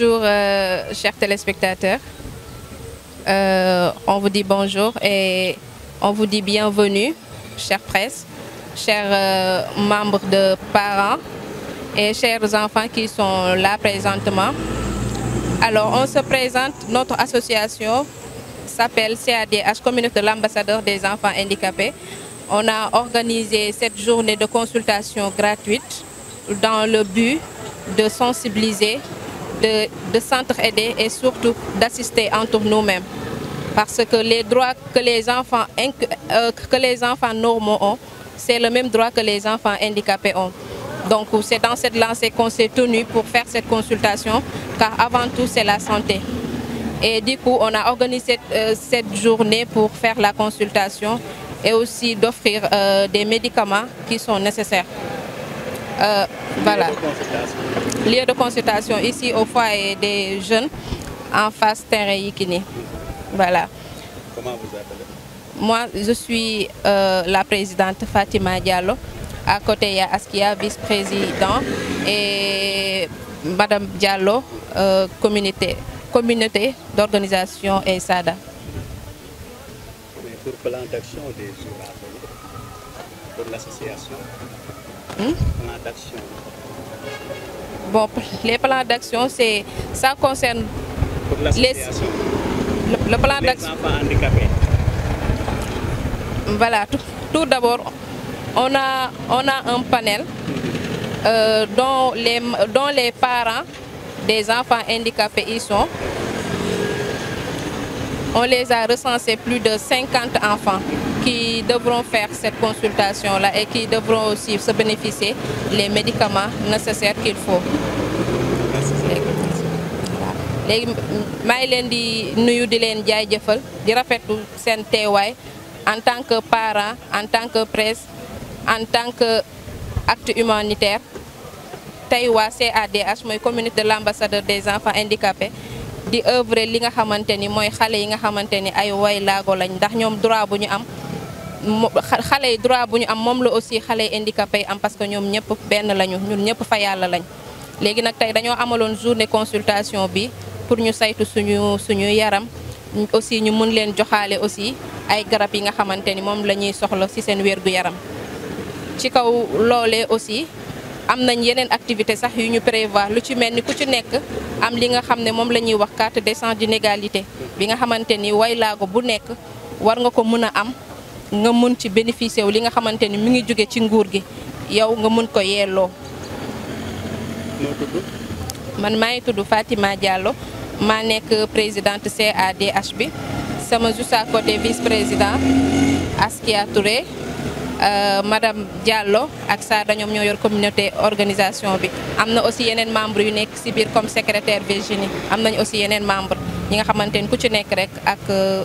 Bonjour, euh, chers téléspectateurs. Euh, on vous dit bonjour et on vous dit bienvenue, chère presse, chers euh, membres de parents et chers enfants qui sont là présentement. Alors, on se présente, notre association s'appelle CADH, Communauté de l'ambassadeur des enfants handicapés. On a organisé cette journée de consultation gratuite dans le but de sensibiliser de, s'entraider et surtout d'assister entre nous-mêmes. Parce que les droits que les enfants, euh, que les enfants normaux ont, c'est le même droit que les enfants handicapés ont. Donc c'est dans cette lancée qu'on s'est tenu pour faire cette consultation, car avant tout c'est la santé. Et du coup, on a organisé euh, cette journée pour faire la consultation et aussi d'offrir euh, des médicaments qui sont nécessaires. Euh, voilà. Lieu de consultation ici au foyer des jeunes en face terrain Yikini. Voilà. Comment vous appelez Moi, je suis euh, la présidente Fatima Diallo. À côté, il y a Askia, vice-président, et Madame Diallo, euh, communauté, communauté d'organisation et SADA. pour plan des pour l'association Hmm? Bon, les plans d'action, c'est ça concerne les, le, handicapés. Voilà, tout, d'abord, on a, on a un panel hmm. euh, dont, les, dont les parents des enfants handicapés y sont. On les a recensés plus de 50 enfants qui devront faire cette consultation-là et qui devront aussi se bénéficier les médicaments nécessaires qu'il faut. léegi maa ngi leen di nuyu di leen jaajëfal di rafetlu en tant que parent en tant que presse en tant que acte humanitaire tey CADH mooy communauté de l'ambassadeur des enfants handicapés di œuvre li nga xamante ni mooy xale yi nga xamante ni ay way laago lañ ndax droit bu ñu am xale yi droit bu ñu am moom la aussi xale yi handicapé yi am parce que ñoom ñëpp benn lañu ñun ñëpp fa yàlla lañ léegi nag tey dañoo amaloon journée consultation bi pour ñu saytu suñu suñu yaram aussi ñu mën leen joxaale aussi ay garab yi nga xamante ni moom la ñuy soxla ci seen gu yaram ci kaw loole aussi am nañ yeneen activité sax yu ñu prévoir lu ci mel ni ku ci nekk am li nga xam ne moom la ñuy wax carte de sens d'inégalité bi nga xamante ni waylaago bu nekk war nga ko mën a am nga mën ci bénéficier wu li nga xamante ni mi ngi jóge ci nguur gi yow nga mën ko yelloo man maa Fatima Diallo présidente CADH bi sama juste à côté vice président Askia Touré Madam euh, madame Diallo ak Sada ñoom ñoo yor communauté organisation bi am na aussi yeneen membre yu nekk si biir comme secrétaire Virginie am nañ aussi yeneen membre ñi nga ku ci rek ak euh,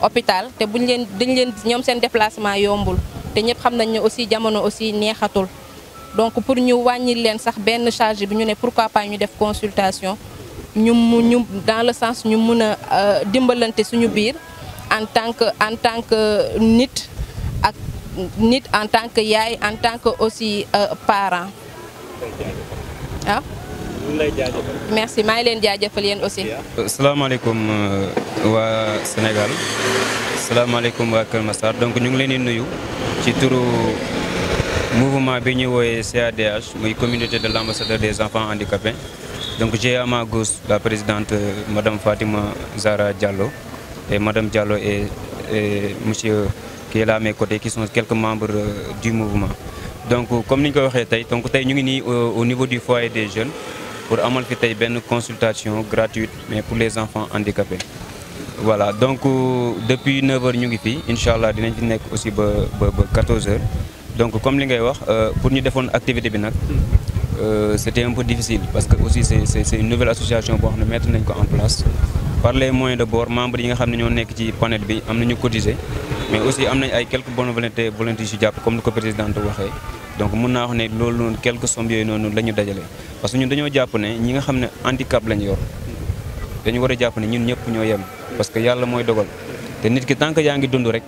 hôpital té buñ leen dañ leen ñom seen déplacement yombul té ñepp xam nañ ne aussi jamono aussi neexatul donc pour ñu wàññi leen sax ben charge bi ñu pourquoi pas ñu def consultation ñu ñu dans le sens ñu mëna a euh, dimbalante suñu biir en tant que en tant que nit ak nit en tant que yaay en tant que aussi euh, parent ah merci maa ngi aussi. aussi. Salam aussi. au Sénégal Salam alaikum wa Massar donc nous ngi leen di nuyu ci mouvement bi et CADH la communauté de l'ambassadeur des enfants handicapés donc j'ai à ma gauche la présidente euh, madame Fatima Zara Diallo et madame Diallo et, M. monsieur qui est là à mes côtés qui sont quelques membres euh, du mouvement donc comme nous ñu dit, nous sommes au niveau du foyer des jeunes pour amal fi consultation gratuite mais pour les enfants handicapés voilà donc euh, depuis 9 h ñu ngi ici, inshallah nous dinañ aussi ba 14 h donc comme li ngay wax euh, pour ñu une activité bi euh, c'était un peu difficile parce que aussi c'est une nouvelle association pour nous mettre en place par les moyens de bord membres qui nga ñoo panel cotiser mais aussi am nañ ay quelques bonnes volontés volontés yu si jàpp comme ni ko présidente waxee donc mun naa wax ne loolu noonu quelques sommes yooyu noonu la ñu dajale parce que ñun dañoo jàpp ne ñi nga xam ne handicap lañ yor dañu war a jàpp ne ñun ñëpp ñoo yem parce que yàlla mooy dogal te nit ki tant que yaa ngi dund rek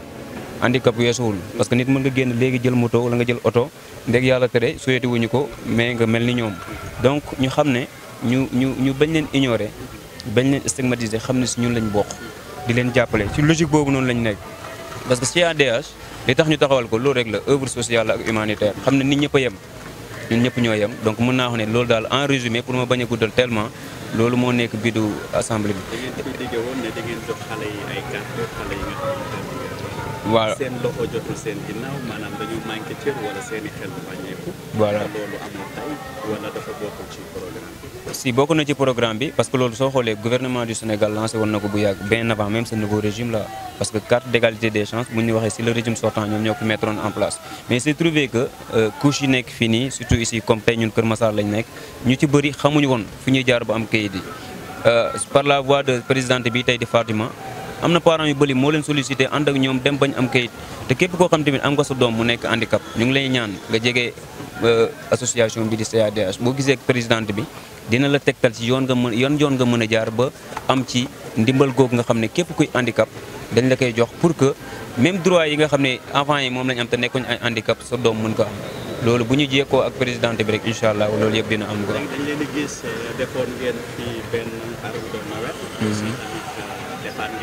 handicap weesuwul parce que nit mën nga génn léegi jël moto wala nga jël oto ndeg yàlla tere suyeti wuñu ko mais nga mel ni ñoom donc ñu xam ne ñu ñu ñu bañ leen ignorer bañ leen xam ne si ñun lañ bokk di leen jàppale ci logique boobu noonu lañ nekk parce que ci CADH li tax ñu taxawal ko loolu rek la œuvre sociale ak humanitaire xam ne nit ñëpp a yem ñun ñëpp ñoo yem donc mën naa xam ne loolu daal en résumé pour ma bañ a guddal tellement loolu moo nekk bidu assemblée bi. voilà seen loxo jotul sen ginnaaw manam dañu manqué cër wala seen i xel wàññeeku. voilà loolu amul tey wala dafa bokkul ci programme bi. si bokk na ci programme bi parce que lolu so xolé gouvernement du Sénégal lancé woon na bu yag ben avant même ce nouveau régime là parce que carte d'égalité des chances bu ñu waxee si le régime sortant ñoom ñoo mettre mettroon en place. mais c'est trouvé que euh, couche yi nekk fii surtout ici comme pay ñun Kër Massar lañ nekk ñu ci bëri xamuñu won fu ñu jaar bu am kayit yi euh, par la voix de présidente bi tey di Fatima. am na parents yu bëri moo leen sollicité ànd ak ñoom dem bañ am kayit te képp koo xam tamit am nga sa doom mu nekk handicap ñu ngi lay ñaan nga jege euh, association bi di CADH boo gisee ak présidente bi dina la tegtal ci yoon nga mën yoon yoon nga mën a jaar ba am ci ndimbal googu nga xam ne képp kuy handicap dañ la koy jox pour que même droit yi nga xam ne avant yi moom lañ am te nekkuñ ay handicap sa doom mun ko am loolu bu ñu jéekoo ak présidente bi rek incha allah loolu yëpp dina am. dañ leen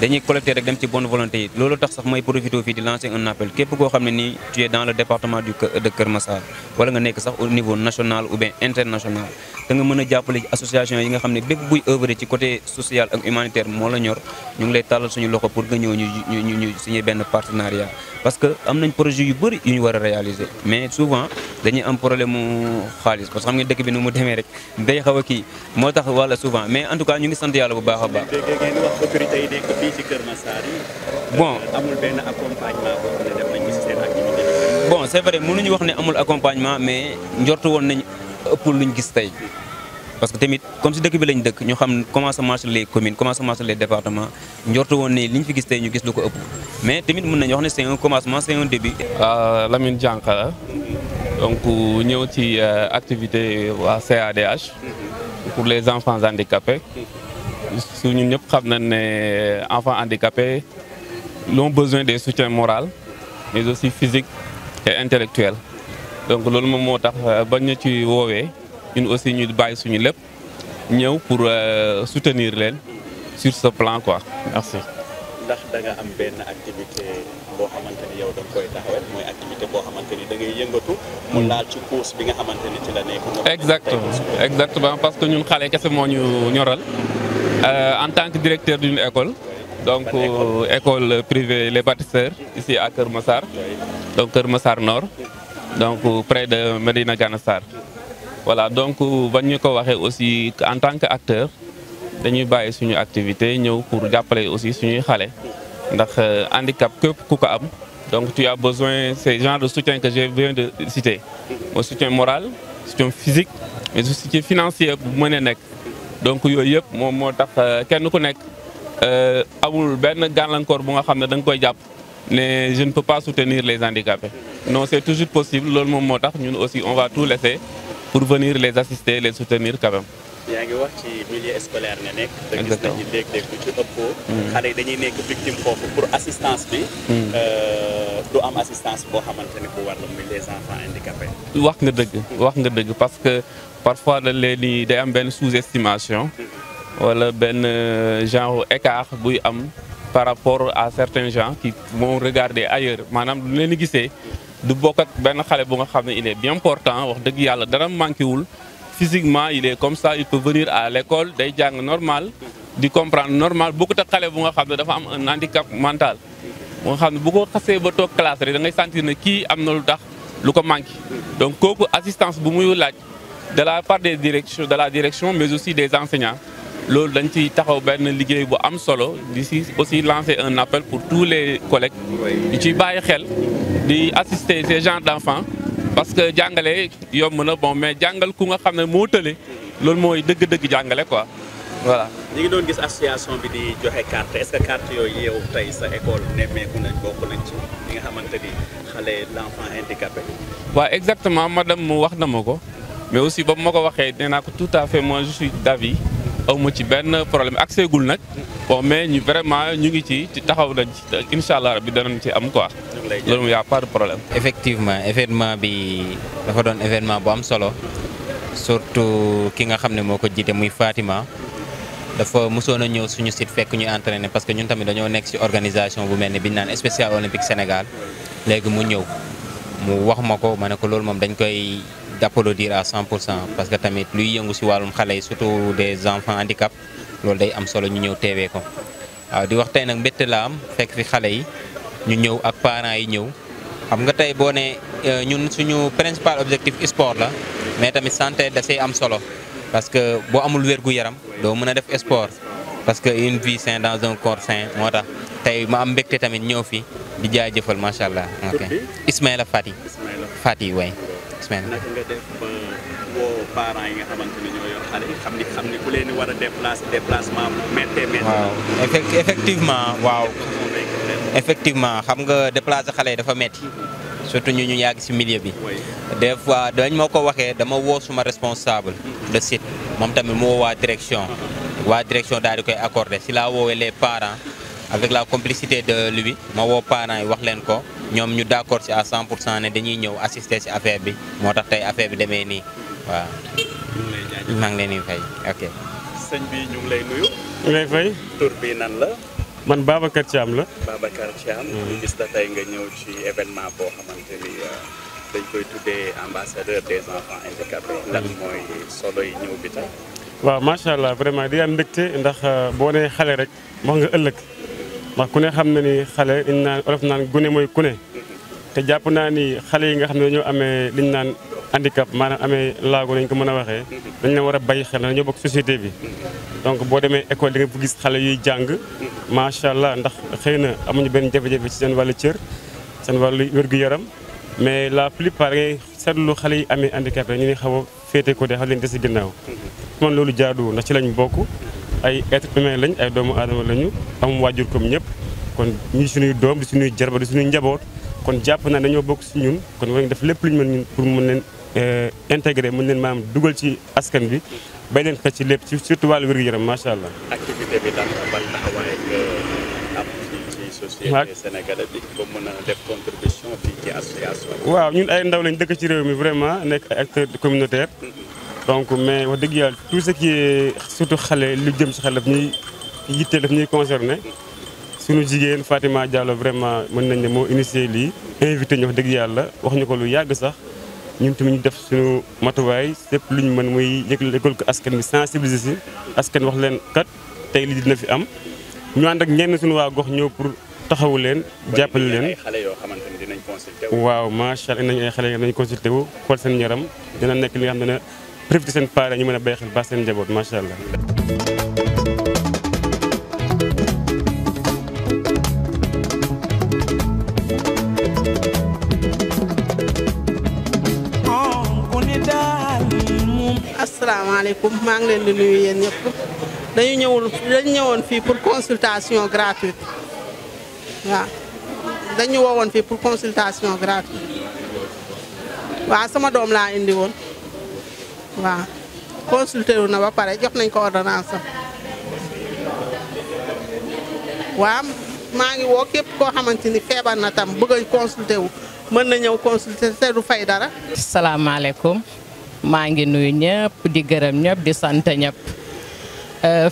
dañuy collecter rek dem ci bonne volonté yi loolu tax sax may profité fii di lancer un appel képp koo xam ne nii tu es dans le département du de Kër Massar wala nga nekk sax au niveau national ou bien international da nga mën a jàppale association yi nga xam ne bépp buy œuvrer ci côté social ak humanitaire moo la ñor ñu ngi lay tàllal suñu loxo pour nga ñëw ñu ñu ñu signer benn partenariat parce que am nañ projet yu bëri yu ñu war a réaliser mais souvent dañuy am problème mu xaalis parce que xam nga dëkk bi nu mu demee rek day xaw a kii moo tax walla souvent mais en tout cas ñu ngi sant yàlla bu baax a baax. ngeen wax autorité yi nekk fii ci Kër Massar yi. bon euh, amul benn accompagnement boo xam ne def nañ ci seen activité. bon c'est vrai mënuñu wax ne amul accompagnement mais njortu woon nañ ëpp luñ gis tey. parce que tamit comme si dëkk bi lañ dëkk ñu xam comment ça marche les communes comment ça marche les départements njortu woon ne liñ fi gis tey ñu gis lu ko ëpp mais tamit mën nañu wax ne c'est un commencement c'est un début. Euh, Lamine Diankha donc aussi une euh, activité à CADH pour les enfants handicapés Nous avons des enfants handicapés ont besoin de soutien moral mais aussi physique et intellectuel donc nous avons moo euh, bañ aussi pour euh, soutenir sur ce plan merci exactement exactement parce que nous xale kese moo ñu ñoral euh, en tant que directeur d'une école. donc euh, école privée Les Bâtisseurs ici à Kermassar, donc Kermassar Nord. donc près de Medina Ganassar. voilà donc bañ ñu ko aussi en tant qu'acteur nous dañuy bàyyi une activité ñëw pour jàppale aussi suñuy xale. Euh, handicap que donc tu as besoin ces genre de soutien que je viens de citer un soutien moral soutien physique mais soutien financier pour donc je ne peux pas soutenir les handicapés. Non, c'est toujours possible. Nous, aussi, on va tout laisser pour venir les assister, les soutenir quand même. yaa ngi wax ci milieu scolaire nga nekk. te gis nañu léeg-léeg bu ci ëppoo. Hmm. xale yi dañuy nekk victime foofu pour assistance bi. Hmm. Euh, du am assistance boo xamante ne war la muy enfants handicapés. wax nga dëgg. wax nga dëgg parce que parfois dañ leen di day am benn sous-estimation. Hmm. wala benn euh, genre écart buy am par rapport à certains gens qui vont regarder ailleurs maanaam lu leen di gisee. du bokk ak benn xale bu nga xam ne il est bien important wax dëgg yàlla dara manqué wul. physiquement il est comme ça il peut venir à l'école des gens normal di comprendre normal beaucoup de gens bu nga un handicap mental bu nga beaucoup ne bu classe rek da ngay sentir ne kii gens qui donc kooku assistance de la part des directions de la direction mais aussi des enseignants loolu dañ ciy am solo aussi lancer un appel pour tous les collègues di ciy un xel di assister ces gens d'enfants parce que jàngale yomb na bon mais jàngal ku nga xam ne moo tële loolu mooy dëgg-dëgg jàngale quoi voilà. ñu ngi doon gis association bi di joxe carte est-ce que yooyu yow tey sa école nemmeeku nañ bokk nañ ci li nga xamante ni xale l'enfant handicapé. waaw exactement madame mu wax na ma ko mais aussi ba ma ko waxee nee naa ko tout à fait moi je suis aw ma ci benn problème ak seegul nag bon mais ñu vraiment ñu ngi ci ci taxaw nañ ci incha allah rabbi danañ ci am quoi. loolu y' a pas de problème. effectivement événement bi dafa doon événement bu am solo surtout ki nga xam ne moo ko jiite muy Fatima dafa mosoon a ñëw suñu site fekk ñu entraîné parce que ñun tamit dañoo nekk ci organisation bu mel ne bi spécial olympique Sénégal léegi mu ñëw mu wax ma ko ma ne ko loolu dañ koy d'applaudir à 100 pour cent parce que tamit luy yëngu ci wàllum xale surtout des enfants handicap loolu day am solo ñu ñëw teewee ko waaw di wax tey nag mbette la am fekk fi xale yi. ñu ñëw ak parents yi ñëw xam nga tey boo ne euh, ñun suñu principal objectif sport la mais tamit santé da am solo parce que boo amul wér yaram doo mën a def sport parce que une vie saine dans un corps sain moo tax tey ma am mbégte tamit ñëw fi di jaajëfal macha allah. ok Ismaïla Fati. Fati waay Ismaïla. yi nga yi xam effectivement waaw. effectivement xam nga déplacer xalé dafa metti surtout ñu ñu yàgg ci milieu bi des fois dañ ma waxé dama wo suma responsable de site mom tamit mo wa direction wa direction daal di koy accorder si laa woowee les parents avec la complicité de lui ma wo parents wax len ko ñom ñu d'accord ci à 100 né dañuy ñëw assister ci affaire bi motax tay affaire bi démé ni wa maa ngi leen di fay ok. sëñ bi ñu ngi lay nuyu. ñu lay fay. tour bi nan la. man Babacar Thiam la. Babacar Thiam. Mm-hmm. gis la tey nga ñëw ci événement boo xamante ni euh, dañ koy mm-hmm. waaw macha allah vraiment di am mbégte ndax euh, boo nee xale rek wax nga ëllëg ndax ku ne xam na ni xale liñ naan olof naan gune mooy ku mm-hmm. te jàpp naa ni xale yi nga xam ne dañoo amee liñ naan. handicap maanaam amee laago nañ ko mën a waxee dañ leen war a bàyyi xel dañoo bokk société bi donc boo demee école di nga gis xale yuy jàng macha allah ndax xëy na amuñu benn jafe-jafe ci seen wàllu cër seen wàllu wér-gu-yaram mais la plupart ngay seetlu xale yi amee handicap ñu ngi xaw a féete ko de xaw leen des si ginnaaw man loolu jaaduwul ndax ci lañ bokk ay être humain lañ ay doomu aadama lañu am waajur comme ñëpp kon ñi suñuy doom di suñuy jarba di suñuy njaboot kon jàpp naa dañoo bokk si ñun kon war nañ def lépp lu ñu mën ñun pour mën leen Euh, intégré mën leen maam dugal ci askan bi bay leen ci lépp ci surtout wàllu wér-gu-yaram macha allah. activité bi daal waaw ñun ay ndaw lañ dëkk ci réew mi vraiment nekk ay acteur communautaire mm-hmm. donc mais wax dëgg yàlla tout ce qui surtout xale lu jëm ci xale daf ñuy yitte daf ñuy concerné suñu jigéen Fatima Diallo vraiment mën nañ ne moo initié lii invité ñu wax dëgg yàlla wax ñu ko lu yàgg sax ñun tamit ñu def suñu matuwaay lépp lu ñu mën muy yëgal ko askan bi sensibiliser si askan wax leen kat tey li dina fi am ñu ànd ak ñenn suñu waa gox ñëw pour taxawu leen jàppale leen waaw macha allah nañu ay xale nañu consulté wu xool seen yaram dina nekk li nga xam ne ne profité seen parents ñu mën a bàyyi xel baax seen njaboot macha allah asalaamaaleykum maa ngi leen di nuyu yéen ñëpp dañu ñëwul dañu ñëwoon fii pour consultation gratuite waaw dañu woowoon fii pour consultation gratuite waaw sama doom laa indi woon waaw consulté na ba pare jox nañ ko ordonnance am waaw maa ngi woo képp koo xamante ni feebar na tam bëgg a consulté wu mën na ñëw consulté te du fay dara. salaamaaleykum. fille de nuyu ñep di gërëm di euh,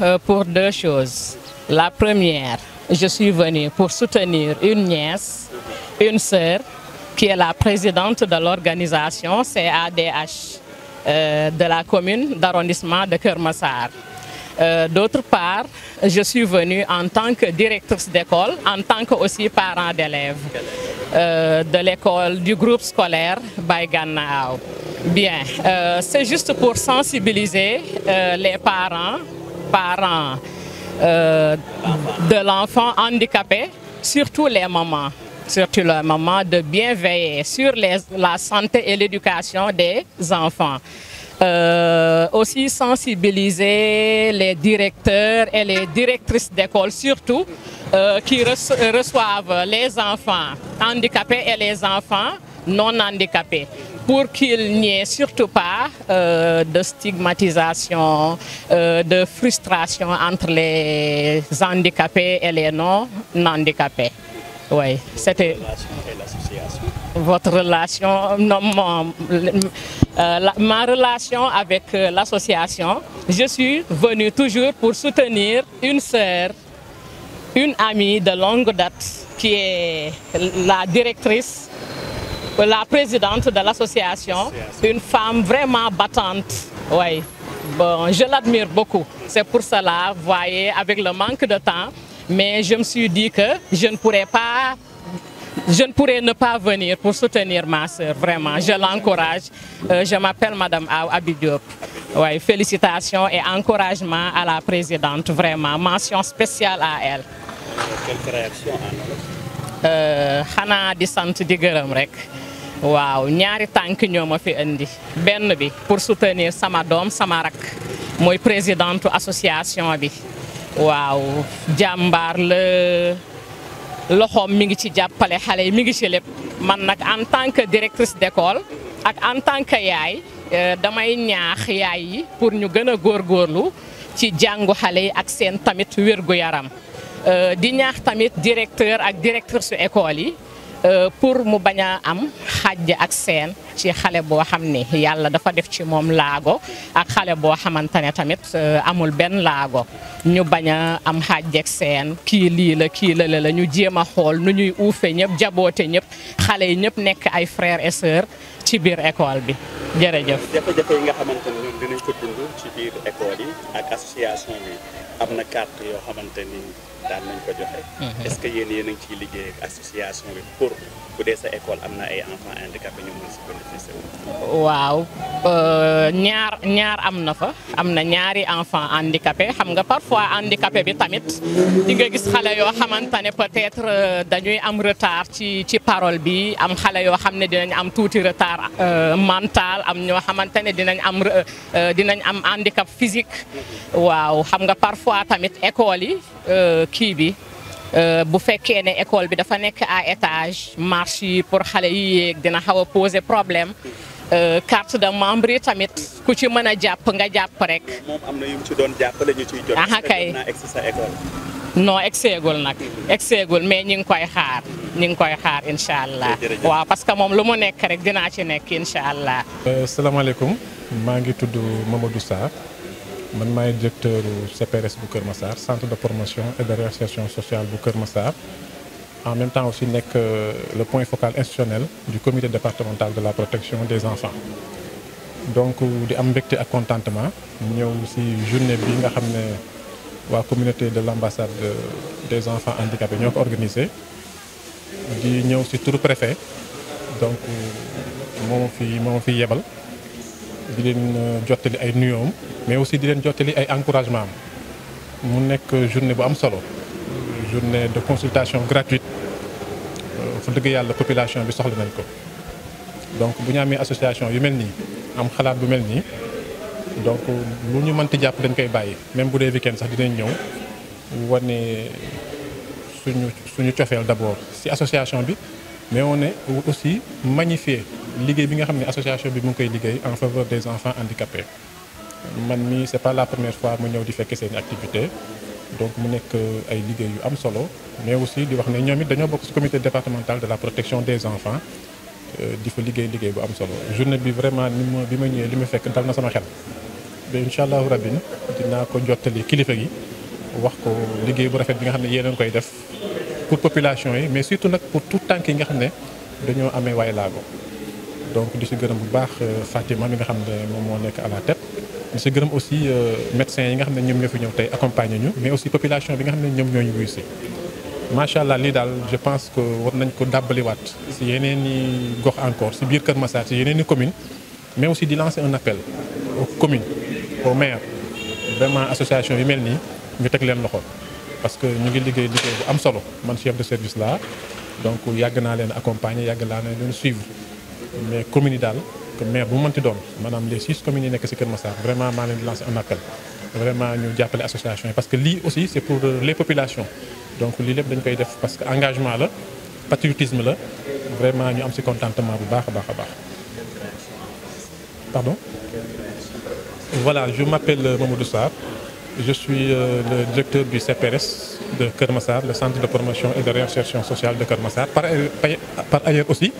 euh, pour deux choses la première je suis venu pour soutenir une nièce une sœur qui est la présidente de l'organisation CADH euh, de la commune d'arrondissement de Keur euh, d'autre part, je suis venue en tant que directrice d'école, en tant que aussi parent d'élèves euh, de l'école du groupe scolaire Baïganao. Bien, euh, c'est juste pour sensibiliser les parents, parents de l'enfant handicapé, surtout les mamans, surtout les mamans, de bien veiller sur la santé et l'éducation des enfants. Euh, aussi sensibiliser les directeurs et les directrices d'école surtout euh, qui euh, reçoivent les enfants handicapés et les enfants non handicapés pour qu'il n'y ait surtout pas de stigmatisation, de frustration entre les handicapés et les non handicapés. Oui, c'était votre relation, non, euh, ma relation avec euh, l'association. Je suis venue toujours pour soutenir une sœur, une amie de longue date qui est la directrice, la présidente de l'association, une femme vraiment battante. Oui. Bon, je l'admire beaucoup. C'est pour cela, voyez, avec le manque de temps, mais je me suis dit que je ne pourrais pas je ne pourrais ne pas venir pour soutenir ma sœur, vraiment. Je l'encourage. Euh, je m'appelle Madame Abidiop. Ouais, félicitations et encouragement à la présidente, vraiment. Mention spéciale à elle. Quelle réaction, hein? euh, di sant di gërëm rek waaw ñaari fi benn bi pour soutenir sama doom sama rak Moy présidente association bi waaw loxoom mi ngi ci jàppale xale yi mi ngi ci lépp man nag en tant que directrice d'école ak en tant que yaay euh, damay ñaax yaay yi pour ñu gën a góorgóorlu ci jàngu xale yi ak seen tamit wér gu yaram euh, di ñaax tamit directeur ak directrice su école yi. Euh, pour mu bañ a am xàjj ak seen ci xale boo xam ni yàlla dafa def ci moom laago ak xale boo xamante ne tamit euh, amul benn laago ñu bañ a am xàjj ak seen kii lii la kii la la ñu jéem a xool nu ñuy uufe ñëpp jaboote ñëpp xale yi ñëpp nekk ay frères et sœurs ci biir école bi jërëjëf. jafe-jafe nga xamante ne ñun ko dund ci biir école yi ak association bi am na carte yoo xamante daal nañ ko joxe. Mm-hmm. est-ce que yen yéen a ngi ciy liggéey association bi pour bu dee école am na ay enfants waaw euh, ñaar ñaar am na fa am na ñaari enfants handicapés xam nga parfois handicapé bi tamit di nga gis xale yoo xamante peut-être euh, dañuy am retard ci ci parole bi am xale yoo xam ne dinañ am tuuti retard euh, mental am ñoo xamante ne dinañ am dinañ am handicap physique mm-hmm. waaw xam nga parfois tamit école yi kii bi. Euh, bu fekkee ne école bi dafa nekk à étage marche yi pour xale yi yéeg dina xaw a poser problème euh, carte de membre yi tamit ku ci mën a jàpp nga jàpp rek. moom am na yu mu ci doon ñu mais ñi ngi koy xaar ñi ngi koy xaar incha allah. waaw parce que moom lu mu nekk rek dinaa ci nekk incha allah. Euh, salaamaaleykum maa ngi tudd Mamadou Sarr. Je suis directeur du CPRS bu Massar centre de promotion et de réinsertion sociale bu Massar en même temps aussi suis euh, le point focal institutionnel du comité départemental de la protection des enfants donc euh, di avons mbégte à contentement Nous avons journée bi nga communauté de l'ambassade des enfants handicapés Nous avons organisé di aussi le tout préfet donc euh, mon fi mon fi yebal di leen mais aussi di leen jottali ay encouragement am mu journée bu am solo journée de consultation gratuite pour que la population bi soxla nañ ko donc bu ñu amee association yu mel am xalaat bu melni donc lu ñu ti japp dañ koy bàyyi même bu dé weekend sax dinañ ñëw woné suñu suñu tiofel d'abord ci association bi mais on est aussi magnifier liggéey bi nga xam association bi mu ngi koy en faveur des enfants handicapés man mi c'est pas la première fois mu ñëw di fekk seen activité donc mu nekk euh, ay liggéey yu am solo mais aussi di wax ne ñoom it dañoo bokk ci comité départemental de la protection des enfants euh, di fa liggéey liggéey bu am solo journée bi vraiment ni ma bi ma ñëwee li ma fekk dal na sama xel ba incha allahu rabbi dinaa ko jottali kilifa gi wax ko liggéey bu rafet bi nga xam ne yéen a koy def pour population yi mais surtout nag pour tout tànk yi nga xam ne dañoo amee waay laago donc di si gërëm bu baax euh, Fatima mi nga xam ne moom moo nekk à la tête je pense aussi euh, médecins yi nga mais aussi population je pense que war nañ si encore si commune mais aussi de lancer un appel aux communes aux maires vraiment association à parce que nous avons liggéey chef de service donc nous accompagner nous suivre mais commune mais bu manti mënti madame les six communes yi nekk si Kër vraiment maa leen un appel vraiment nous jàppale association parce que l'I aussi c'est pour euh, les populations donc lii lépp dañ koy def parce que engagement le patriotisme vraiment nous am contentement bu baax pardon voilà je m'appelle euh, Mamadou Sarr je suis euh, le directeur du CPRS de Kermassar, le centre de promotion et de réinsertion sociale de Kermassar par ailleurs aussi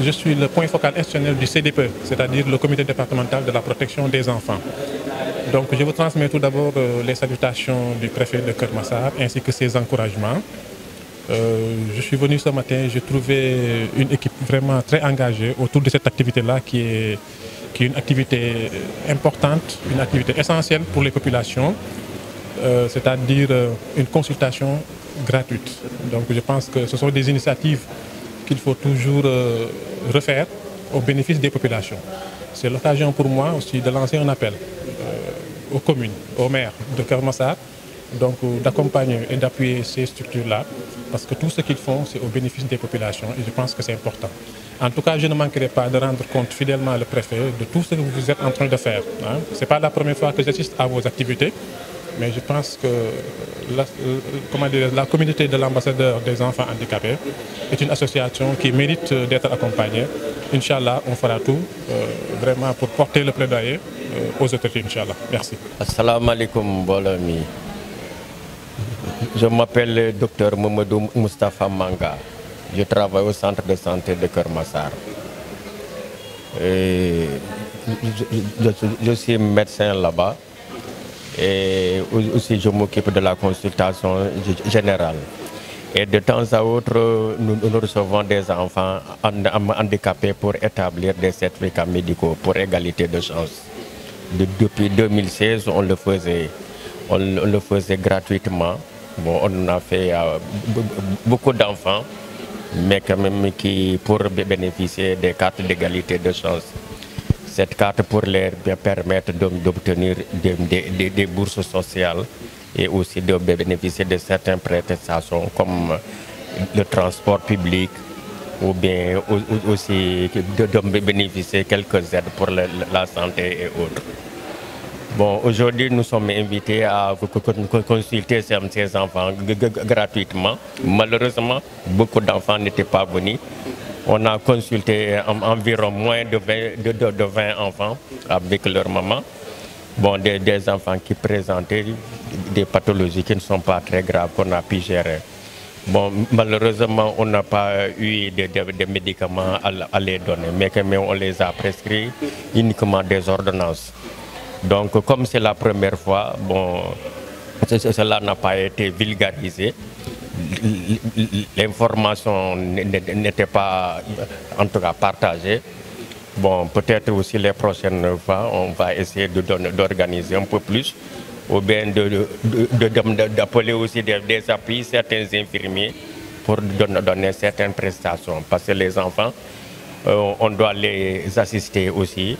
je suis le point focal institutionnel du CDP, c'est-à-dire le comité départemental de la protection des enfants. Donc je vous transmets tout d'abord euh, les salutations du préfet de Kermassar ainsi que ses encouragements. Euh, je suis venu ce matin, j'ai trouvé une équipe vraiment très engagée autour de cette activité-là qui est, une activité importante, une activité essentielle pour les populations, euh, c'est-à-dire une consultation gratuite. Donc je pense que ce sont des initiatives qu'il faut toujours euh, refaire au bénéfice des populations. C'est l'occasion pour moi aussi de lancer un appel euh, aux communes, aux maires de Kermassar, donc euh, d'accompagner et d'appuyer ces structures-là, parce que tout ce qu'ils font, c'est au bénéfice des populations et je pense que c'est important. En tout cas, je ne manquerai pas de rendre compte fidèlement le préfet de tout ce que vous êtes en train de faire. Hein. Ce n'est pas la première fois que j'assiste à vos activités mais je pense que euh, la, communauté de l'ambassadeur des enfants handicapés est une association qui mérite d'être accompagnée. Inch'Allah, on fera tout euh, vraiment pour porter le plaidoyer euh, aux autorités, Inch'Allah. Merci. Assalamu alaikum, ami. Je m'appelle le docteur Mamadou Moustapha Manga. Je travaille au centre de santé de Kermassar. Et je suis médecin là-bas et aussi je m'occupe de la consultation générale. Et de temps à autre, nous, recevons des enfants handicapés pour établir des certificats médicaux pour égalité de chance. depuis 2016, on le faisait, on, le faisait gratuitement. Bon, on a fait euh, beaucoup d'enfants, mais quand même qui pour bénéficier des cartes d'égalité de chance cette carte pour l'air permettre d'obtenir des, bourses sociales et aussi de bénéficier de certaines prestations comme le transport public ou bien aussi de, de bénéficier quelques aides pour la, santé et autres. Bon, aujourd'hui, nous sommes invités à consulter ces enfants gratuitement. Malheureusement, beaucoup d'enfants n'étaient pas venus on a consulté environ moins de 20, enfants avec leur maman. Bon, des, enfants qui présentaient des pathologies qui ne sont pas très graves qu'on a pu gérer. Bon, malheureusement, on n'a pas eu de, médicaments à, les donner, mais, mais on les a prescrits uniquement des ordonnances. Donc, comme c'est la première fois, bon, cela n'a pas été vulgarisé l'information n'était pas, en tout cas, partagée. Bon, peut-être aussi les prochaines fois, on va essayer d'organiser un peu plus, ou bien d'appeler aussi des, appuis, certains infirmiers, pour donner, certaines prestations. Parce que les enfants, euh, on doit les assister aussi,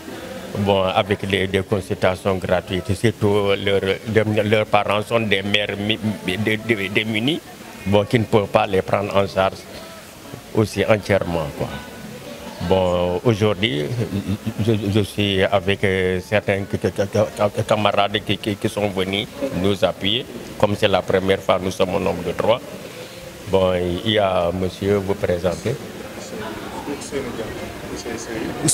bon, avec des consultations gratuites. Surtout, leurs, leurs parents sont des mères démunies qui ne peuvent pas les prendre en charge aussi entièrement. Quoi. Bon, aujourd'hui, je, suis avec euh, certains camarades qui, qui, sont venus nous appuyer. Comme c'est la première fois, nous sommes au nombre de trois. Bon, il y a monsieur, vous présentez. Je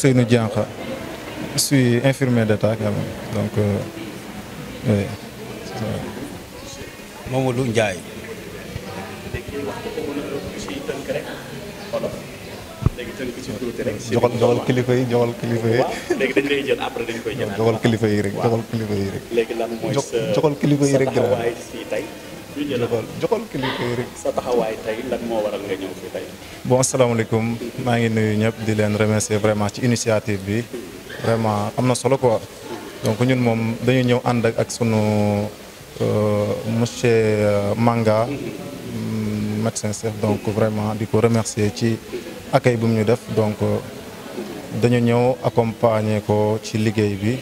suis infirmier d'État Donc, euh, joxal joxal kilifa yi joxal kilifa yi. léegi kilifa yi rek joxal kilifa yi rek. léegi lan mooy sa joxal kilifa yi rek gën a kilifa yi rek. sa taxawaay tey bon asalaamaaleykum maa ngi nuyu ñëpp di leen remercier vraiment ci initiative bi vraiment am na solo quoi donc ñun moom dañuy ñëw ànd ak sunu euh, monsieur euh, Manga mm, médecin chef donc vraiment di ko remercier ci. accueil bu ñu def donc euh, dañu ñëw accompagner ko ci liguey bi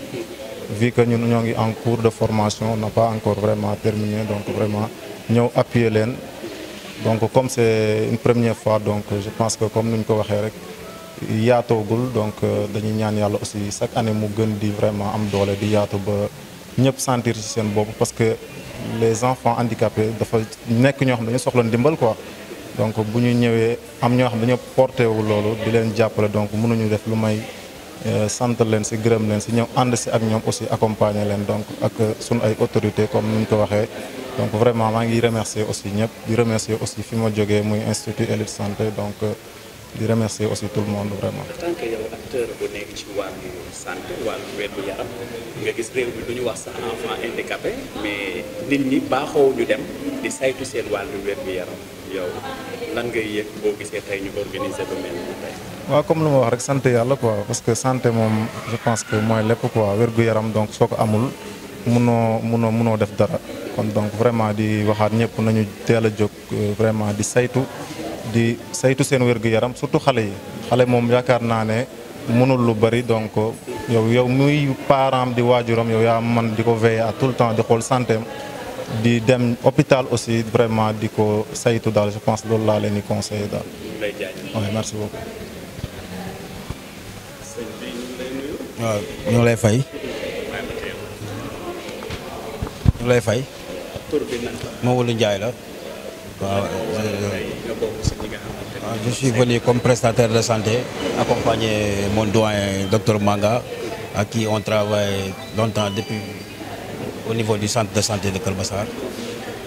vu que ñun ñoo ngi en cours de formation n'a pas encore vraiment terminé donc vraiment ñëw appuyer leen donc comme c'est une première fois donc euh, je pense que comme nous ko waxé rek gul donc euh, dañuy ñaan yalla aussi chaque année mu gën di vraiment am doole di yaatu ba ñëpp sentir ci seen bopp parce que les enfants handicapés dafa nekk ñoo xam dañu soxla dimbal quoi donc bu ñu am ñoo xam dañoo porté wu loolu di leen jàppale donc mënuñu def lu may euh, sant leen si gërëm leen si ñëw ànd si ak ñoom aussi accompagner leen donc ak sunu ay autorités comme ñu ko donc vraiment ngi remercier aussi ñëpp di remercier aussi fi muy institut élite santé donc euh, di remercier aussi tout le monde vraiment. tant que yow acteur bu nekk ci santé yaram nga gis wax enfant handicapé mais nit ñi ñu dem di saytu seen yaram. yow lan ngay yëg boo gisee tey ñu organiser ba mel ni tey. waaw comme lu ma wax rek sant yàlla quoi parce que santé moom je pense que mooy lépp koi wér-gu-yaram donc soo ko amul munoo munoo munoo def dara kon donc vraiment di waxaat ñëpp nañu teel a jóg euh, vraiment di saytu di saytu seen wér-gu-yaram surtout xale yi xale moom yaakaar naa ne mënul lu bari donc yow yow muy parent am di waajuram yow yaa man di ko veiller à tout le temps di xool santé di dem hôpital aussi vraiment di ko saytu dal je pense que la leen ni conseillé on merci beaucoup. Nous ñu lay fay. ñu euh, je suis venu comme prestataire de santé accompagner mon doyen docteur Manga à qui on travaille longtemps depuis au niveau du centre de santé de Kerbassar.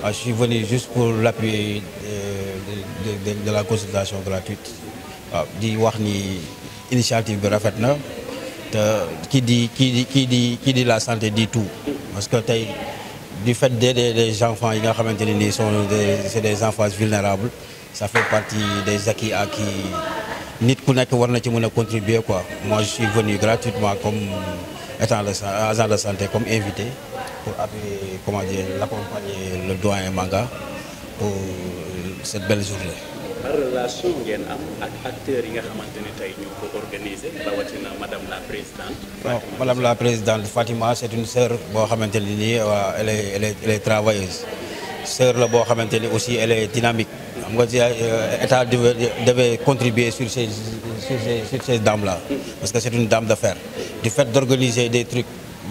Ah, je suis venu juste pour l'appui euh, de, la consultation gratuite. Ah, di initiative de qui dit qui dit la santé dit tout parce que du fait des des enfants yi sont des des enfants vulnérables ça fait partie des acquis à qui contribuer quoi moi je suis venu gratuitement comme étant santé comme invité pour appuyer, comment dire, l'accompagner le doyen Manga pour euh, cette belle journée. La relation ngeen am ak acteurs yi nga ñu ko organisé madame la présidente. Fatima madame la présidente Fatima c'est une sœur boo xamante elle est elle est travailleuse. sœur la aussi elle est dynamique. xam nga euh, état devait contribuer sur ces ces ces dames là. parce que c'est une dame d'affaires. du fait d'organiser des trucs.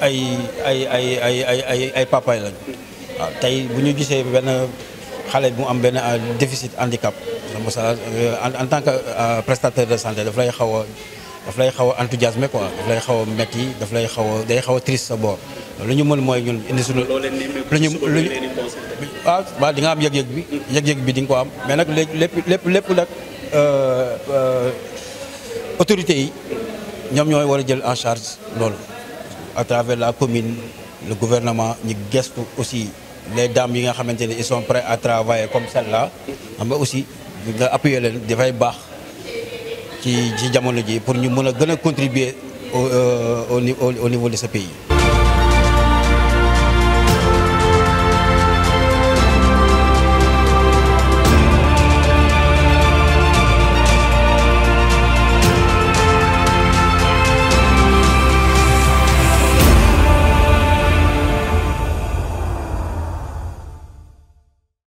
ay ay ay ay ay ay ay papaay lañ waaw ah, tey bu ñu gisee benn xale bu am benn ah, déficit handicap mosala euh, en tant que euh, prestataire de santé daf lay xaw a daf lay xaw a enthousiasme ko daf lay xaw a metti daf lay xaw day xaw a triste sa boor lu ñu mën mooy ñun indi suñu luñu luñu waaw waaw di nga am yëg-yëg bi yëg-yëg bi di nga ko am mais nag léegi lépp lépp lépp nag euh, autorité yi ñoom ñooy war a jël en charge loolu à travers la commune le gouvernement nous aussi les dames qui sont prêts à travailler comme celle-là Nous aussi nous les leen qui sont ci pour nous contribuer euh, au au niveau de ce pays.